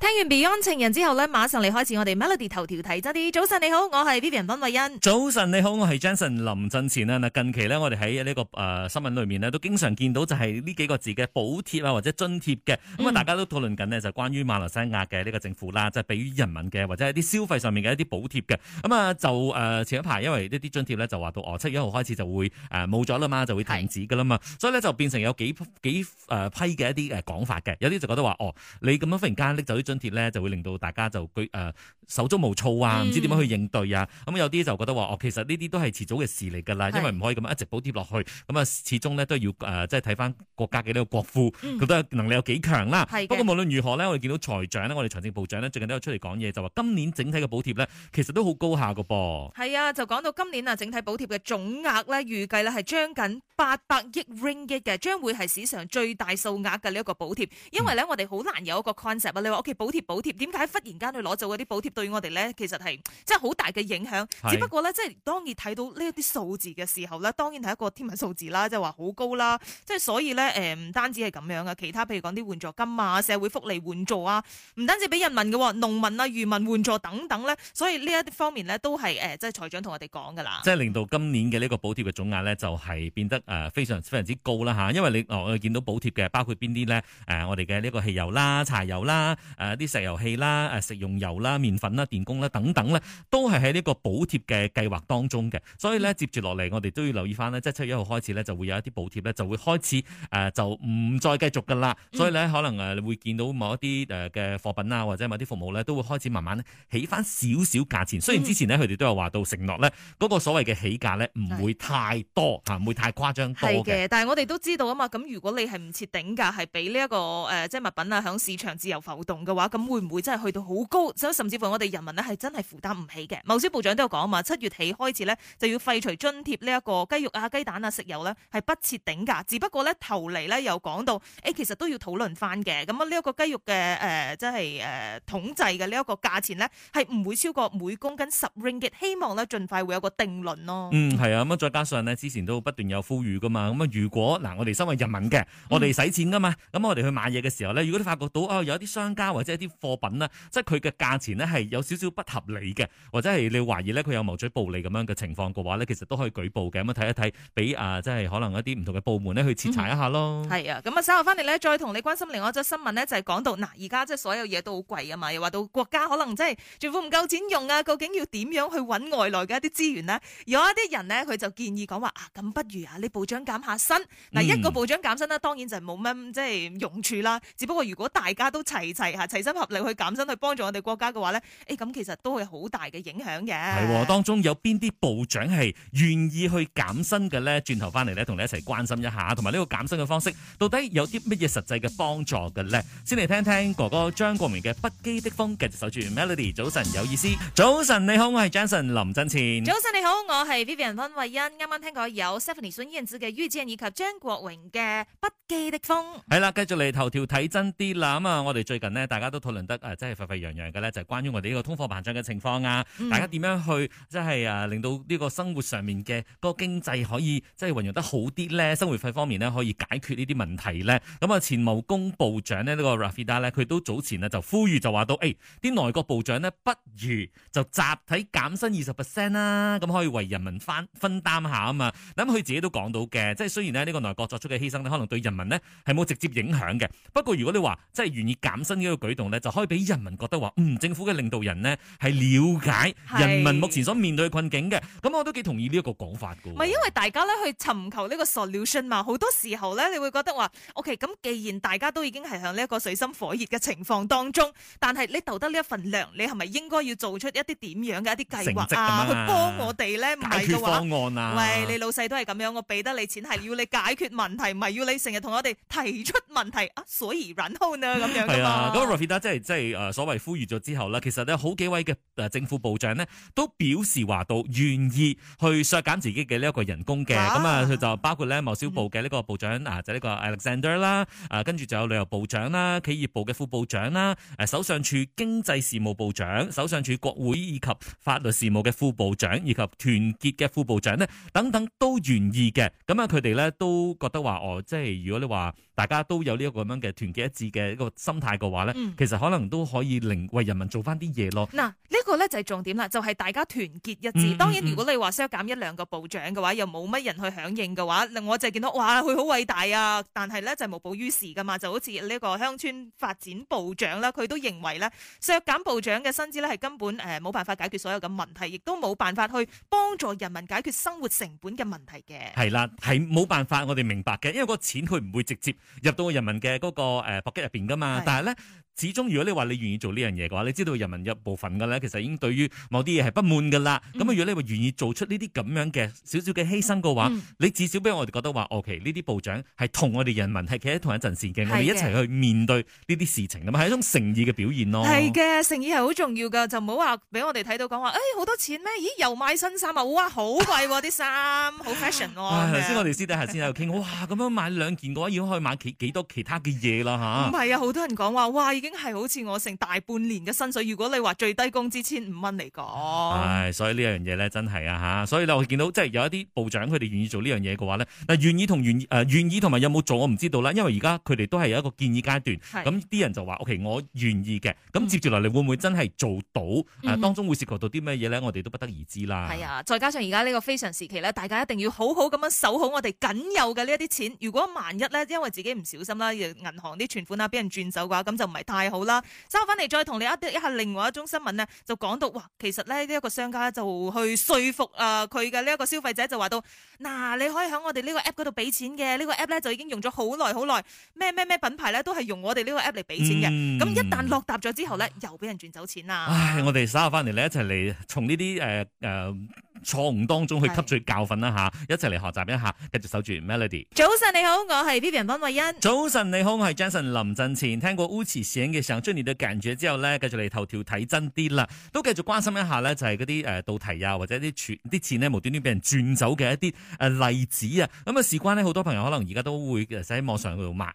聽完 Beyond 情人之後咧，馬上嚟開始我哋 Melody 頭條睇真啲。早晨你好，我係 Vivian 溫慧欣。早晨你好，我係 Jason 林振前啊！嗱，近期呢，我哋喺呢個誒、呃、新聞裏面呢都經常見到就係呢幾個字嘅補貼啊，或者津貼嘅。咁啊、嗯，大家都討論緊呢，就關於馬來西亞嘅呢個政府啦，就俾於人民嘅或者一啲消費上面嘅一啲補貼嘅。咁、嗯、啊，就誒、呃、前一排因為呢啲津貼咧，就話到哦，七月一號開始就會誒冇咗啦嘛，就會停止噶啦嘛，是所以咧就變成有幾幾誒、呃、批嘅一啲誒講法嘅，有啲就覺得話哦，你咁樣忽然間拎走。」津貼咧就會令到大家就佢、呃、手足無措啊，唔知點樣去應對啊，咁、嗯嗯、有啲就覺得話哦，其實呢啲都係遲早嘅事嚟㗎啦，是因為唔可以咁樣一直補貼落去，咁、嗯、啊始終咧都要誒即係睇翻國家嘅呢個國庫，佢都、嗯、能力有幾強啦。的不過無論如何咧，我哋見到財長咧，我哋財政部長呢，最近都有出嚟講嘢，就話今年整體嘅補貼咧，其實都好高下嘅噃。係啊，就講到今年啊，整體補貼嘅總額咧預計咧係將近八百億 Ringgit 嘅，將會係史上最大數額嘅呢一個補貼，因為咧我哋好難有一個 concept 啊，你話補貼補貼，點解忽然間去攞走嗰啲補貼對我哋咧？其實係即係好大嘅影響。是只不過咧，即係當然睇到呢一啲數字嘅時候咧，當然係一個天文數字啦、就是，即係話好高啦。即係所以咧，誒唔單止係咁樣嘅，其他譬如講啲援助金啊、社會福利援助啊，唔單止俾人民嘅喎，農民啊、漁民援助等等咧。所以呢一啲方面咧，都係誒即係財長同我哋講㗎啦。即係令到今年嘅呢個補貼嘅總額咧，就係變得誒非常非常之高啦吓，因為你我、呃、見到補貼嘅包括邊啲咧？誒、呃、我哋嘅呢個汽油啦、柴油啦。呃一啲石油氣啦、誒食用油啦、麵粉啦、電工啦等等咧，都係喺呢個補貼嘅計劃當中嘅。所以咧，接住落嚟我哋都要留意翻咧，即係七月一號開始咧，就會有一啲補貼咧，就會開始誒，就唔再繼續噶啦。所以咧，可能你會見到某一啲誒嘅貨品啊，或者某啲服務咧，都會開始慢慢起翻少少價錢。雖然之前呢，佢哋都有話到承諾咧，嗰個所謂嘅起價咧唔會太多嚇的，唔會太誇張多嘅。係嘅，但係我哋都知道啊嘛。咁如果你係唔設頂價，係俾呢一個誒，即係物品啊，響市場自由浮動嘅。話咁會唔會真係去到好高？甚至乎我哋人民呢係真係負擔唔起嘅。某些部長都有講啊嘛，七月起開始呢就要廢除津貼呢一個雞肉啊、雞蛋啊、食油呢係不設頂價。只不過呢，頭嚟呢又講到誒，其實都要討論翻嘅。咁啊呢一個雞肉嘅誒，即係誒統制嘅呢一個價錢呢係唔會超過每公斤十 ringgit。希望呢，盡快會有個定論咯。嗯，係啊。咁啊再加上呢，之前都不斷有呼籲噶嘛。咁啊如果嗱、呃、我哋身為人民嘅，我哋使錢噶嘛。咁、嗯、我哋去買嘢嘅時候呢，如果你發覺到啊、哦、有啲商家或即係啲貨品咧，即係佢嘅價錢咧係有少少不合理嘅，或者係你懷疑咧佢有謀取暴利咁樣嘅情況嘅話呢，其實都可以舉報嘅。咁樣睇一睇，俾啊即係可能一啲唔同嘅部門咧去徹查一下咯。係、嗯、啊，咁啊稍後翻嚟呢，再同你關心另外一則新聞呢，就係、是、講到嗱，而家即係所有嘢都好貴啊嘛，又話到國家可能即係政府唔夠錢用啊，究竟要點樣去揾外來嘅一啲資源呢？有一啲人呢，佢就建議講話啊，咁不如啊，你部長減下薪嗱，一個部長減薪呢，當然就係冇乜即係用處啦，只不過如果大家都齊齊吓齊心合力去減薪去幫助我哋國家嘅話咧，誒咁其實都係好大嘅影響嘅。係，當中有邊啲部長係願意去減薪嘅咧？轉頭翻嚟咧，同你一齊關心一下，同埋呢個減薪嘅方式到底有啲乜嘢實際嘅幫助嘅咧？先嚟聽聽哥哥張國榮嘅《不羈的風》，繼續守住 Melody。早晨，有意思。早晨，你好，我係 Jason 林振前。早晨，你好，我係 Vivian 溫慧欣。啱啱聽過有 Stephanie 孫燕姿嘅《雨之音》，以及張國榮嘅《不羈的風》。係啦，繼續嚟頭條睇真啲啦。咁啊，我哋最近咧，大家。都討論得誒、就是嗯，真係沸沸揚揚嘅咧，就係關於我哋呢個通貨膨脹嘅情況啊！大家點樣去即係誒，令到呢個生活上面嘅嗰個經濟可以即係運用得好啲咧？生活費方面咧，可以解決呢啲問題咧？咁啊，前貿工部長呢，這個、呢個 Rafida 咧，佢都早前呢就呼籲，就話到，誒、哎，啲內閣部長呢，不如就集體減薪二十 percent 啦，咁可以為人民翻分擔下啊嘛！咁佢自己都講到嘅，即係雖然咧呢、這個內閣作出嘅犧牲咧，可能對人民呢係冇直接影響嘅，不過如果你話即係願意減薪呢個舉動咧，就可以俾人民覺得話：嗯，政府嘅領導人呢係了解人民目前所面對嘅困境嘅。咁是我都幾同意呢一個講法㗎。唔係因為大家咧去尋求呢個 solution 嘛，好多時候咧你會覺得話：OK，咁既然大家都已經係向呢一個水深火熱嘅情況當中，但係你投得呢一份糧，你係咪應該要做出一啲點樣嘅一啲計劃，啊啊啊、去幫我哋咧？唔係嘅解決方案啊！喂，你老細都係咁樣，我俾得你錢係要你解決問題，唔係 要你成日同我哋提出問題啊！所以囉啊！咁樣㗎嘛～即係即係誒所謂呼籲咗之後咧，其實咧好幾位嘅誒政府部長咧都表示話到願意去削減自己嘅呢一個人工嘅。咁啊，佢就包括咧貿消部嘅呢個部長啊、嗯，就呢個 Alexander 啦。誒跟住就有旅遊部長啦、企業部嘅副部長啦、誒首相處經濟事務部長、首相處國會以及法律事務嘅副部長以及團結嘅副部長咧等等都願意嘅。咁啊，佢哋咧都覺得話哦，即係如果你話大家都有呢一個咁樣嘅團結一致嘅一個心態嘅話咧，嗯其實可能都可以令為人民做翻啲嘢咯。嗱，呢個咧就係重點啦，就係大家團結一致。當然，如果你話削減一兩個部長嘅話，又冇乜人去響應嘅話，令我就見到哇，佢好偉大啊！但係咧就無補於事噶嘛，就好似呢個鄉村發展部長啦，佢都認為咧削減部長嘅薪資咧係根本誒冇辦法解決所有嘅問題，亦都冇辦法去幫助人民解決生活成本嘅問題嘅。係啦，係冇辦法，我哋明白嘅，因為個錢佢唔會直接入到人民嘅嗰個誒搏擊入邊噶嘛，但係咧。始終如果你話你願意做呢樣嘢嘅話，你知道人民有部分嘅咧，其實已經對於某啲嘢係不滿嘅啦。咁、嗯、如果你話願意做出呢啲咁樣嘅少少嘅犧牲嘅話，嗯、你至少俾我哋覺得話，OK，呢啲部長係同我哋人民係企喺同一陣線嘅，的我哋一齊去面對呢啲事情咁啊，係一種誠意嘅表現咯。係嘅，誠意係好重要噶，就唔好話俾我哋睇到講話，誒好、哎、多錢咩？咦，又買新衫、哦、啊！哇，好貴喎，啲衫好 fashion 喎。頭先我哋私底下先，又傾哇，咁樣買兩件嘅話，已經可以買幾，幾多其他嘅嘢啦嚇？唔係啊，好、啊、多人講話，哇已經係好似我成大半年嘅薪水，如果你話最低工資千五蚊嚟講，唉，所以呢樣嘢咧真係啊吓，所以咧我見到即係有一啲部長佢哋願意做呢樣嘢嘅話咧，嗱願意同願意誒願意同埋、呃、有冇做我唔知道啦，因為而家佢哋都係有一個建議階段，咁啲是人就話 O K 我願意嘅，咁接住落嚟會唔會真係做到誒、嗯、當中會涉及到啲咩嘢咧？我哋都不得而知啦。係啊，再加上而家呢個非常時期咧，大家一定要好好咁樣守好我哋僅有嘅呢一啲錢。如果萬一咧，因為自己唔小心啦，銀行啲存款啊俾人轉走嘅話，咁就唔係太好啦！稍後返嚟再同你 update 一下，另外一宗新聞咧，就講到哇，其實咧呢一、這個商家就去説服啊佢嘅呢一個消費者就話到，嗱、啊，你可以喺我哋呢個 app 嗰度俾錢嘅，呢、這個 app 咧就已經用咗好耐好耐，咩咩咩品牌咧都係用我哋呢個 app 嚟俾錢嘅，咁、嗯、一旦落疊咗之後咧，又俾人轉走錢啦，唉，我哋稍後返嚟咧一齊嚟從呢啲誒錯誤當中去吸取教訓啦嚇，的一齊嚟學習一下，繼續守住 Melody。早晨你好，我係 Pippen 潘慧欣。早晨你好，我係 Jason 林振前。聽過嘅時，時候，追完對 e 住之後呢，繼續嚟頭條睇真啲啦，都繼續關心一下呢，就係嗰啲誒倒提啊，或者啲啲錢呢無端端俾人轉走嘅一啲例子啊。咁啊，事關呢，好多朋友可能而家都會喺網上度買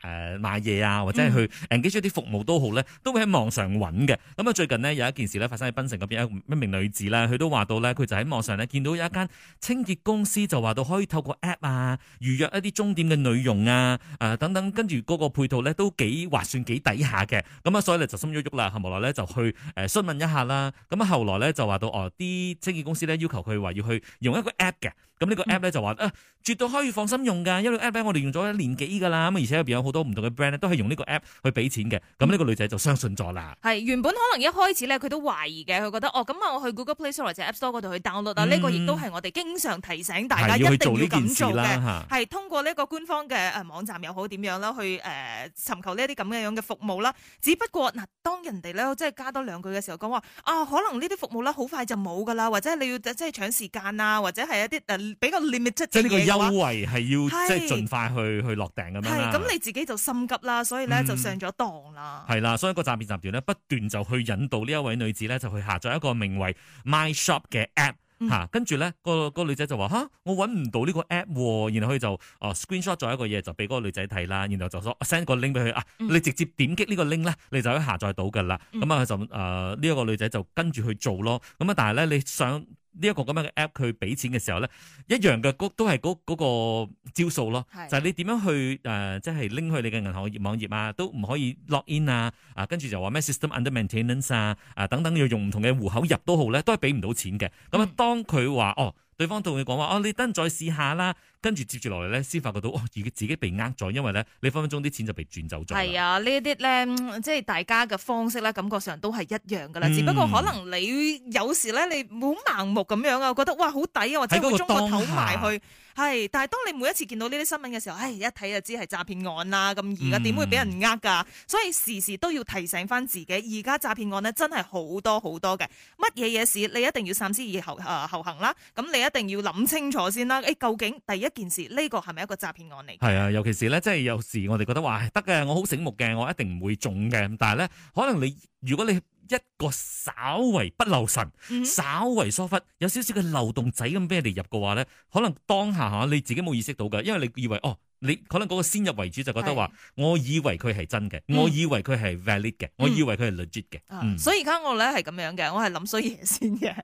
嘢啊、呃，或者去 engage 啲服務都好呢，都會喺網上揾嘅。咁啊，最近呢，有一件事呢發生喺賓城嗰邊，一名女子咧，佢都話到呢，佢就喺網上呢。見到有一間清潔公司就話到可以透過 app 啊，預約一啲終點嘅內容啊，誒、呃、等等，跟住嗰個配套咧都幾划算，幾抵下嘅。咁啊所以咧就心喐喐啦，後來咧就去誒詢、呃、問一下啦，咁啊後來咧就話到哦，啲、呃、清潔公司咧要求佢話要去用一個 app 嘅。咁呢個 app 咧就話、嗯啊、絕對可以放心用㗎，因為 app 咧我哋用咗一年幾㗎啦，咁而且入邊有好多唔同嘅 brand 咧，都係用呢個 app 去俾錢嘅。咁呢、嗯、個女仔就相信咗啦。係原本可能一開始咧，佢都懷疑嘅，佢覺得哦，咁啊，我去 Google Play Store 或者 App Store 嗰度去，download 啊、嗯。」呢個亦都係我哋經常提醒大家去一定要咁做嘅，係是通過呢個官方嘅誒網站又好點樣啦，去誒尋、呃、求呢一啲咁樣嘅服務啦。只不過嗱、啊，當人哋咧即係加多兩句嘅時候講話啊，可能呢啲服務啦，好快就冇㗎啦，或者你要即係搶時間啊，或者係一啲比較即係呢個優惠係要即係盡快去是去落訂咁樣係咁，那你自己就心急啦，所以咧就上咗當啦。係啦、嗯，所以個詐騙集團咧不斷就去引導呢一位女子咧就去下載一個名為 My Shop 嘅 App 吓、嗯，跟住咧個、那個女仔就話吓、啊，我搵唔到呢個 App，然後佢就哦 Screenshot 咗一個嘢就俾嗰個女仔睇啦，然後就 send 個，個，個 link 俾佢啊，嗯、你直接點擊呢個 link 咧，你就可以下載到噶啦。咁啊、嗯、就誒呢一個女仔就跟住去做咯。咁啊但係咧你想？呢一個咁樣嘅 app，佢俾錢嘅時候咧，一樣嘅，嗰都係嗰個招數咯。就係、係、你點樣去、呃、即係拎去你嘅銀行網頁啊，都唔可以 login 啊，啊，跟住就話咩 system under maintenance 啊，啊等等，要用唔同嘅戶口入都好咧，都係俾唔到錢嘅。咁啊、嗯，當佢話哦，對方同你講話哦，你等陣再試下啦。跟住接住落嚟咧，先發覺到哦，而家自己被呃咗，因為咧你分分鐘啲錢就被轉走咗。係啊，這些呢啲咧即係大家嘅方式咧，感覺上都係一樣噶啦。嗯、只不過可能你有時咧，你冇好盲目咁樣啊，覺得哇好抵啊，或者我中個頭埋去。係，但係當你每一次見到呢啲新聞嘅時候，唉、哎，一睇就知係詐騙案啦。咁而家點會俾人呃㗎？所以時時都要提醒翻自己，而家詐騙案呢，真係好多好多嘅，乜嘢嘢事你一定要三思而後啊、呃、後行啦。咁你一定要諗清楚先啦。誒、欸，究竟第一件事呢個係咪一個詐騙案嚟？係啊，尤其是咧，即係有時我哋覺得話得嘅，我好醒目嘅，我一定唔會中嘅。但係咧，可能你如果你一個稍為不留神、嗯、哼稍為疏忽，有少少嘅漏洞仔咁俾人哋入嘅話咧，可能當下吓你自己冇意識到㗎，因為你以為哦。你可能嗰個先入為主就覺得話，我以為佢係真嘅，嗯、我以為佢係 valid 嘅，嗯、我以為佢係 legit 嘅。所以而 家我咧係咁樣嘅，我係諗衰嘢先嘅。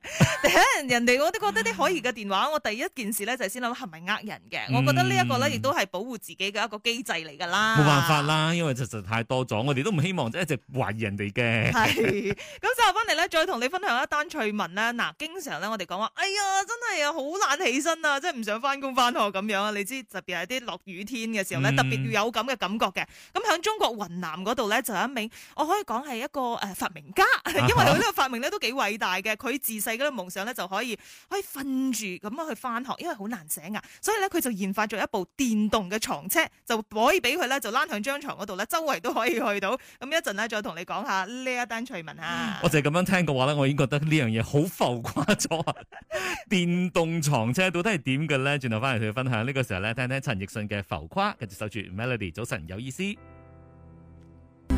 人哋我都覺得啲可疑嘅電話，我第一件事咧就係先諗係咪呃人嘅。我覺得呢一個咧亦都係保護自己嘅一個機制嚟㗎啦。冇、嗯、辦法啦，因為實在太多咗，我哋都唔希望一直懷疑人哋嘅。係 咁就翻嚟咧，再同你分享一單趣聞啦。嗱、啊，經常咧我哋講話，哎呀，真係啊，好難起身啊，即係唔想翻工翻學咁樣啊。你知特別係啲落雨天。天嘅時候咧，嗯、特別要有咁嘅感覺嘅。咁喺中國雲南嗰度咧，就有一名我可以講係一個誒、呃、發明家，因為佢呢個發明咧都幾偉大嘅。佢自細嗰個夢想咧就可以可以瞓住咁樣去翻學，因為好難醒啊。所以咧佢就研發咗一部電動嘅床車，就可以俾佢咧就躝向張床嗰度咧，周圍都可以去到。咁一陣咧再同你講下呢一單趣聞嚇。我就係咁樣聽嘅話咧，我已經覺得呢樣嘢好浮誇咗啊！ 電動床車到底係點嘅咧？轉頭翻嚟去分享呢、呢個時候咧，聽聽陳奕迅嘅《浮誇，跟住守住 melody。早晨有意思。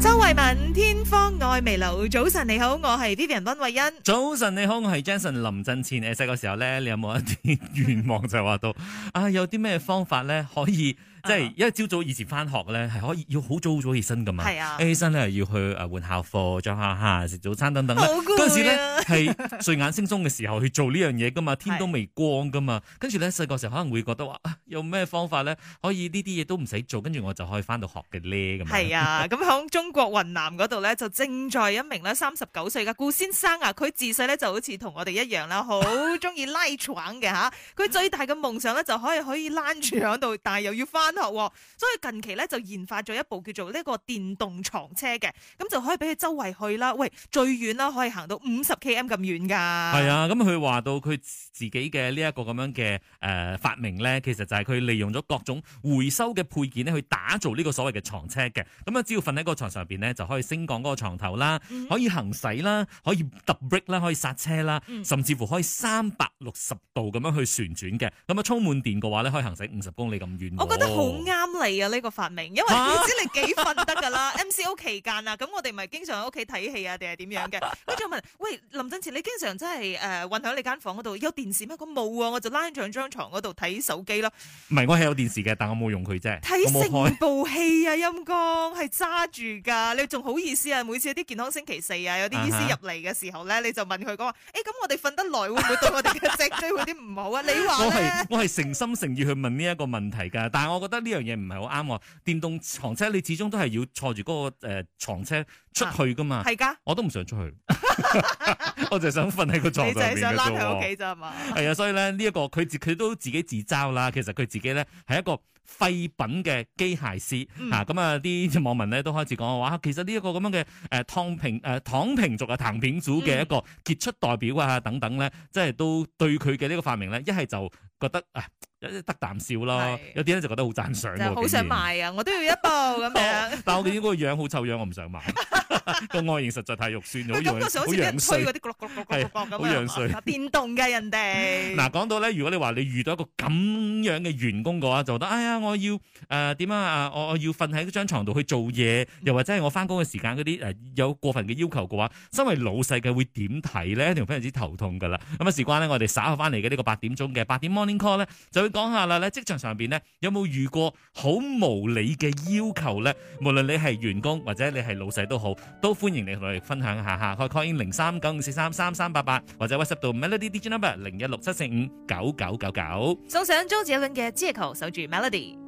周慧敏，天方愛眉樓。早晨你好，我係 Vivian 溫慧欣。早晨你好，我係 Jason 林振前。誒，細個時候咧，你有冇一啲願望就係話到 啊？有啲咩方法咧可以？即係，因為朝早以前翻學咧，係可以要好早好早起身噶嘛。係啊，起身咧係要去誒換校課、做下下、食早餐等等咧。好攰啊，嗰陣時咧係睡眼惺忪嘅時候去做呢樣嘢噶嘛，天都未光噶嘛。啊、跟住咧細個時候可能會覺得話、啊，有咩方法咧可以呢啲嘢都唔使做，跟住我就可以翻到學嘅咧咁樣。係啊，咁、嗯、響、 嗯、中國雲南嗰度咧，就正在一名咧三十九歲嘅顧先生啊，佢自細咧就好似同我哋一樣啦，好中意拉床嘅嚇。佢最大嘅夢想咧，就可以可以攬住喺度， 但係又要翻。所以近期咧就研發咗一部叫做呢個電動床車嘅，咁就可以俾佢周圍去啦。喂，最遠啦，可以行到五十 km 咁遠噶。係啊，咁佢話到佢自己嘅呢一個咁樣嘅誒發明咧，其實就係佢利用咗各種回收嘅配件咧，去打造呢個所謂嘅床車嘅。咁啊，只要瞓喺個床上邊咧，就可以升降嗰個床頭啦、嗯，可以行駛啦，可以搭 brake 啦，可以剎車啦，甚至乎可以三百六十度咁樣去旋轉嘅。咁啊，充滿電嘅話咧，可以行駛五十公里咁遠。我覺得好啱、哦、你啊！呢、這個發明，因為點知道你幾瞓得噶啦？MCO 期間啊，咁 我哋咪經常喺屋企睇戲啊，定係點樣嘅？佢 就問，喂，林振前，你經常真係誒，困、呃、喺你間房嗰度有電視咩？佢冇啊，我就拉上張床嗰度睇手機咯。唔係，我係有電視嘅，但我冇用佢啫。睇成部戲啊，陰功係揸住噶，你仲好意思啊？每次啲健康星期四啊，有啲醫師入嚟嘅時候咧，啊、哈你就問佢講話，誒、欸，咁我哋瞓得耐會唔會對我哋嘅頸椎啲唔好啊？ 你話咧，我係我係誠心誠意去問呢一個問題噶，但係我覺，覺得呢樣嘢唔係好啱，電動床車你始終都係要坐住嗰個誒床車出去噶嘛？係噶、啊，我都唔想出去， 我就係想瞓喺個床上。你係想拉佢屋企咋嘛？係啊，所以咧呢一個佢自佢都自己自嘲啦。其實佢自己咧係一個廢品嘅機械師、嗯、啊。咁啊，啲網民咧都開始講嘅話，其實呢一個咁樣嘅誒、啊、躺平誒、啊、躺平族嘅躺平組嘅一個傑出代表啊等等咧，嗯、即係都對佢嘅呢個發明咧，一係就覺得啊。得啖笑啦，是有啲咧就覺得好讚賞，好想買啊！樣我都要一部咁 樣。但我見嗰個樣好臭樣，我唔想買。個 外型實在太肉酸咗，佢感覺上好似一推嗰啲焗焗焗焗焗咁樣，電對動嘅人哋。嗱、嗯啊、講到咧，如果你話你遇到一個咁樣嘅員工嘅話，就覺得哎呀，我要誒點樣啊啊，我我要瞓喺張床度去做嘢，又或者係我翻工嘅時間嗰啲誒有過分嘅要求嘅話，身為老細嘅會點睇咧？一定非常之頭痛㗎啦。咁啊事關咧，我哋稍後翻嚟嘅呢個八點鐘嘅八點 morning call 咧，就。講下啦，咧職場上邊咧有冇遇過好無理嘅要求咧？無論你係員工或者你係老細都好，都歡迎你同我哋分享一下下。可以 call in 零三九五四三三三八八，或者 WhatsApp 到 Melody Digital Number 零一六七四五九九九九。送上張子楓嘅《Zodiac》守住 Melody。